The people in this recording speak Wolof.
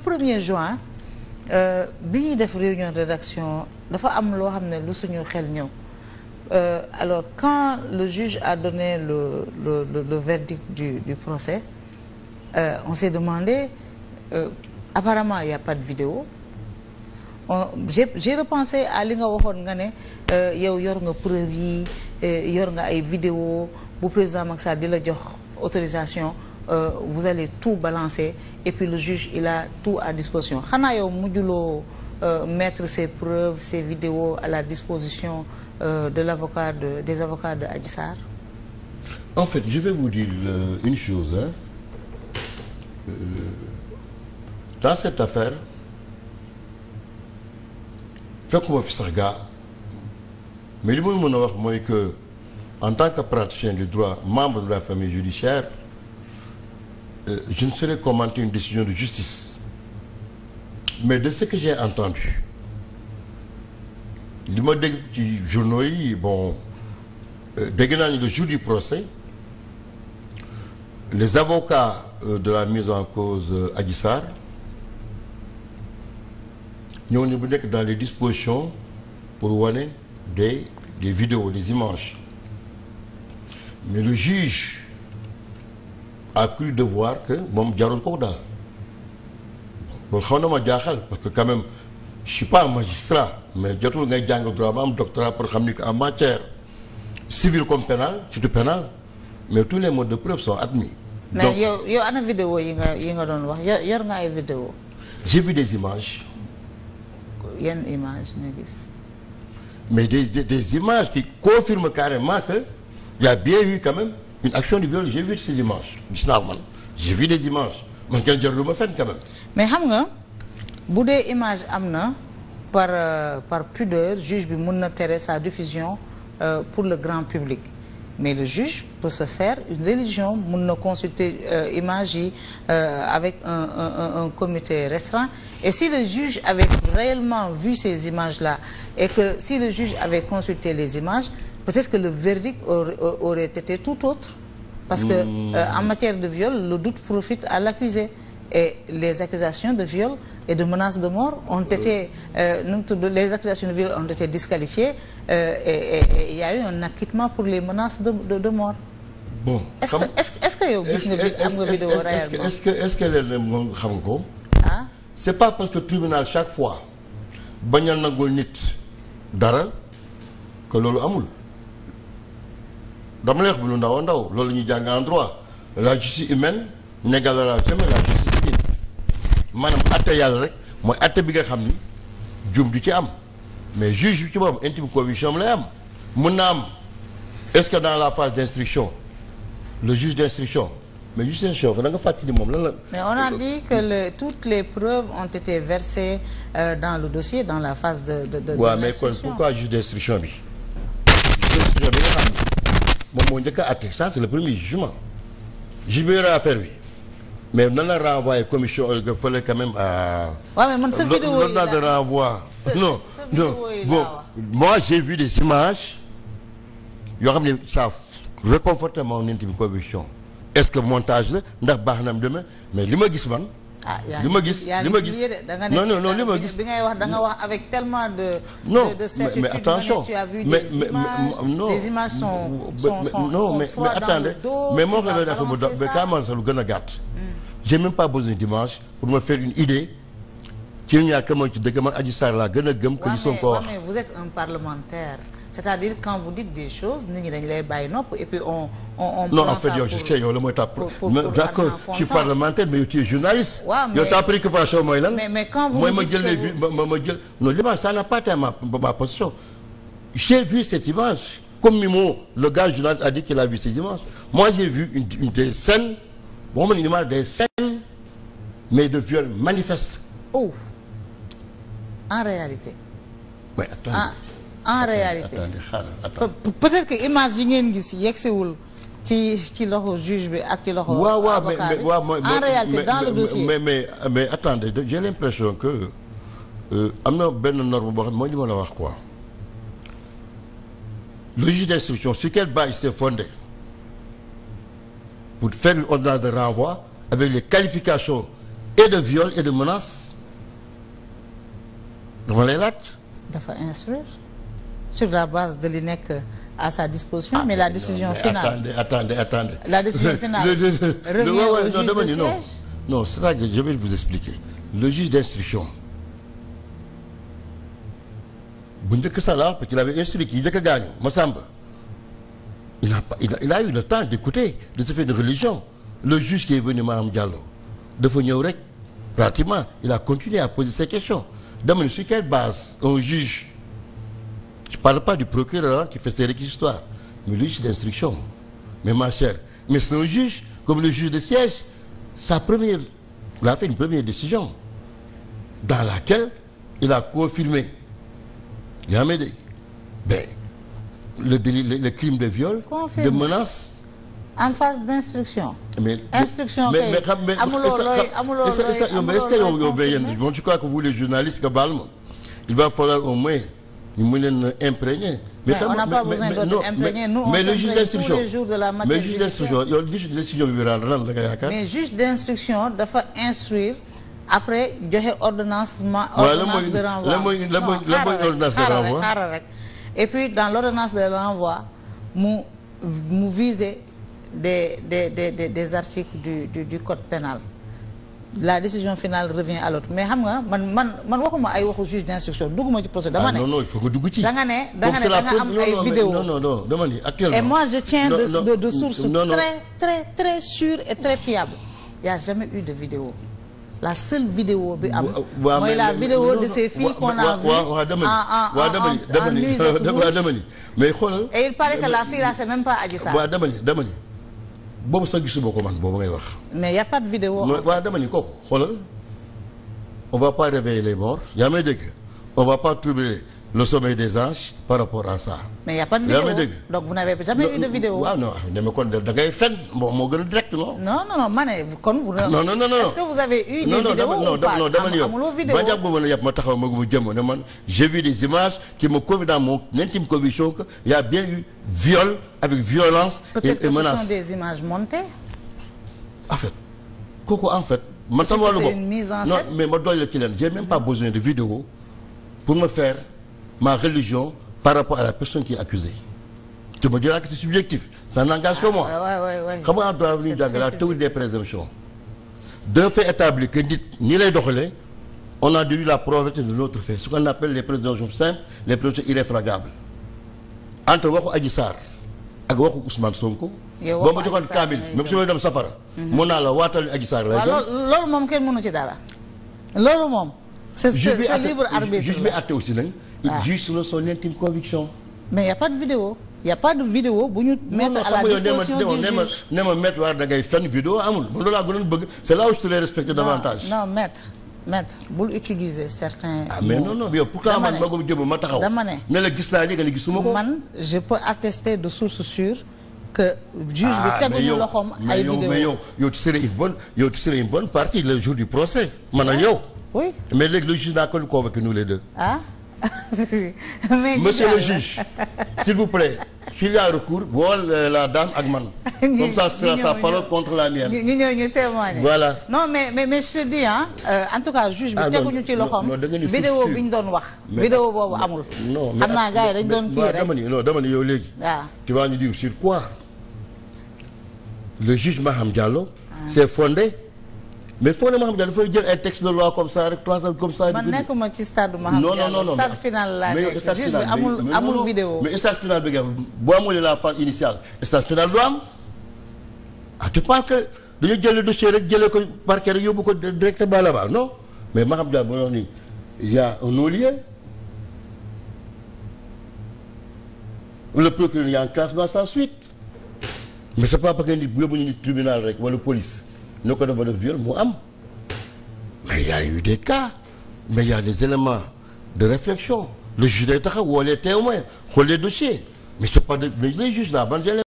premier juin euh, bi ñuy def réunion dafa am loo xam ne lu suñu xel ñëw euh, alors quand le juge a donné le le le, le verdict du du procès euh, on s'est demandé euh, apparemment il y a pas de vidéo à li nga waxoon nga ne euh, yow yor nga preuve yi yor nga ay vidéo bu président Macky Sall di la jox autorisation euh, vous allez tout balancer et puis le juge il a tout à disposition xanaa yow mujjuloo euh, mettre ses preuves ses vidéos à la disposition euh, de l'avocat de des avocats de Adji Sarr en fait je vais vous dire euh, une chose hein. Euh, dans cette affaire fekkuma fi sax gaa mais li muy mën a wax mooy que en tant que praticien du droit membre de la famille judiciaire euh, je ne saurais commenter une décision de justice mais de ce que j'ai entendu li ma dégg ci journaux bon euh, dégg naa ni le jour du procès les avocats euh, de la mise en cause euh, Adji Sarr ni bu nekk dans les dispositions pour wane des des vidéos des images mais le juge a cru devoir que moom jarul ko daal loolu xaw na ma jaaxal parce que quand même je suis mais jotul ngay jàng droit ba am doctorat pour xam ni que en matière civile comme pénal surtout pénal mais tous les modes de preuve sont admis. mais donc yow yow nga doon wax yor nga ay vidéo j'ai vu des images. yenn images nga gis. mais des, des des images qui confirment carrément que y a bien eu une action de viol j'ai vu ces images gis naa ko man j'ai mais xam nga bu dee image am na par euh, par pudeur juge bi mën na tere sa diffusion euh, pour le grand public mais le juge peut se faire une religion mën na consulter euh, image yi euh, avec un, un un un comité restreint et si le juge avait réellement vu ces images là et si le juge avait consulté les images. peut-être que le verdict aurait, aurait été tout autre. Parce que mmh. en matière de viol, le doute profite à l'accusé. Et les accusations de viol et de menaces de mort ont euh. été, euh, les accusations de viol ont été disqualifiées euh, et il y a eu un acquittement pour les menaces de, de, de mort. Bon. Est-ce que, est-ce, est-ce que yow gis nga bi am nga vidéo réellement que est-ce que leen ko. ah c'est pas parce que tribunal chaque fois a nangul nit dara que loolu amul. dama lay wax bu lu ndaw a ndaw loolu la ñuy jàng en droit la justice humaine n'égalera jamais la justice divine maanaam atte yàlla rek mooy atte bi nga xam ni jum du ci am mais juge bi ci boppam intime conviction lay am mun na am est-ce que dans la phase d'instruction le juge d'instruction mais juge d'instruction da nga fàcc fàttali moom lan la. mais on a dit le toutes les preuves ont été versées euh, dans le dossier dans la phase de de de. Ouais, de l'instruction waaw mais pourquoi juge d'instruction bi. moom moo njëkk a chance ça c'est le premier affaire bi mais nan la commission ga euh, fële quand même à. Euh, waaw mais man sa vidéo yi de renvoi. non bon moi j'ai vu des images yoo xam ne ça réconforte mon intime conviction est-ce que montage la ndax baax na am mais li ma gis man. ah li ma gis li ma gis non non non li ma gis bi ngay wax da nga wax avec tellement de. non de certitude mais attention mais non les images sont sont mais attendez mais moo xam ne dafa bu mais kaa man sax gën a gàtt. Mm. j'ai même pas besoin d'image pour me faire une idée. ci ñu ñaar kan moo ci dëgg man Adji Sarr laa a vous êtes un parlementaire. cest à vous dites des choses nit ñi dañ lay bàyyi nopp et puis on on on. non en fait yow je sais yow la mooy tàpp. pour d'accord je suis parlementaire mais yow tu es journaliste. waaw mais yow ta préoccupation mooy lan. mais mais vous mooy ma jël les ma ma jël. j'ai vu cette image comme Mimo le gars journaliste a dit qu'il a vu cette image moi j'ai vu une des scènes waxuma une image des scènes mais en réalité. mais attendez en réalité peut-être que image yi ngeen gis yegsiwul ci ci loxo juge bi ak ci loxo. avocat bi en mais mais mais attendez j'ai l'impression que euh, am na benn norme boo xam mooy li ma la wax quoi. le juge d'instruction sur quelle base il s'est pour faire une ordonnance de renvoi avec les qualifications et de viol et de menace. dama lay laaj. dafa instruire sur la base de li nekk à sa disposition. Ah, mais la décision non, mais finale attendez attendez attendez. la décision finale. le, le, le, revient non, c'est ça que je vais vous expliquer le juge d'instruction bu njëkk ça là parce qu'il avait instruit kii njëkk a gaañu Massamba il a il il a eu le temps d'écouter de se faire une religion le juge qui est venu Maham Diallo dafa ñëw rek pratiquement il a continué à poser ses questions. dama ne sur quelle base un juge je parle pas du procureur qui fait ses réquisitoires mais le juge d'instruction mais ma chère mais c'est un juge comme le juge de siège sa première la a fait décision dans laquelle il a confirmé yaa le délit le, le crime de viol de menace en phase d'instruction. mais instruction kay amuloo looy amuloo looy mais xam mais est-ce que yow yow béy yéen il va falloir au moins ñu mën leen on n'a pas besoin d'être imprégné nous on s'imprègne tous les jours de la matière. mais juge d'instruction yow juge lan la nga yaakaar. mais juge d'instruction dafa instruire. après joxe ordonnance ma. ordonnance de renvoi la mooy la mooy de renvoi. xaaral rek mu des des des des, des articles du, du du code pénal la décision finale revient à l'autre mais xam nga man man man waxuma ay waxu juge d'instruction dugguma ci procès dama ah, ne non non il dugg ci da nga ne da nga ne da nga am ay vidéo non non non dama ne actuellement et moi je tiens non, de, non, de de sources très très très et très fiables y a jamais eu de vidéo la seule vidéo bi am. waaw la vidéo de ces filles qu'on a vu waaw dama ni dama ni mais xoolal. et il paraît que la fille là c'est même pas Adji Sarr. dama ni dama ni. boobu sax boo ko man boobu ngay wax. mais y' a pas de vidéo. waaw dama ni kooku xoolal on va pas réveiller les morts yaa may dégg on va pas troubler le sommeil des anges par rapport à ça. mais y' a pas de vidéo dégg donc vous n'avez jamais eu de vidéo. waaw ah, non ne mais kon da ngay fen bon moo gën a direct non. non non non ma ne kon. non non non est-ce que vous avez eu. des vidéos ou pas non dama yow ba jàpp ma ne yàpp ma taxaw ma mu jëm ne man j'ai vu des images qui me confirment dans mon intime conviction que y' a bien eu viol avec violence. et menace peut-être que ce sont des images montées. en fait kooku en fait. man sama wàllu bopp non mais ma doy la ci leen j'ai même pas besoin de vidéo pour me faire. ma religion par rapport à la personne qui est accusée tu me diras que subjectif ça n'engage que ah, moi xam nga droit lu ñu jàng la théorie des présomptions deux faits établis que nit ñi lay doxalee on a déduit la probabilité de l'autre fait ce qu'on appelle les présomptions simples les présomptions irréfragables entre waxu Adji Sarr ak waxu Ousmane Sonko. yow boo ma joxoon Kamil même su ma dem safara. Mhm. mun naa la waatal Adji Sarr lay doon loolu moom kenn mënu ci dara. loolu moom. c'est libre arbitre juge bi àtte aussi il ah. juge sur son intime conviction. mais y' a pas de vidéo y' pas de vidéo bu ñu. mettre à la disposition du juge non ne ma maître waa da ngay fenn vidéo amul man loolu laa gënoon bëgg ah, ma ne ne la gis naa li nga ne gisuma ko. man je peux attester de source sûre. que juge bi ah, teguñu loxoom ay vidéo mais yow yow tu serais une bonne partie le jour du procès. man ak yow. oui mais léegi le juge naa ko convoqué nous les deux. Ah? mais monsieur le juge s'il vous plaît s'il y a recours wool la dame ak man. comme ça ce sera sa la mienne. ñu ñëw voilà non mais mais mais je euh, en tout cas juge bi ah, teguñu ci loxoom. vidéo bi ñu doon wax. vidéo boobu amul. non am naa gars yi dañu doon kii dama ni non dama ni yow léegi. waaw ah. tu vas nous dire sur quoi le juge Maham Diallo. c'est fondé. mais foo ne ma xam ne dafay jël ay texte de loi comme ça rek trois ans comme ça. man nekkuma ci stade Maham Diallo non stade final laa nekk amul amul vidéo. mais stade final bi nga xam boo amulee la phase initiale stade final du am ah tu penses que dañoo jël dossier rek jëlee ko parquet rek yóbbu ko directement là-bas mais Maham Diallo wax ni y a un non-lieu le procureur y a un classement sans suite mais c'est pas parce que nit yóbbu ñu nit tribunal rek wala police. ne ko def ba def viol mu am mais y a eu des cas mais y a des éléments de réflexion le juge day taxaw woo les témoins xool les mais c'est pas de les juges là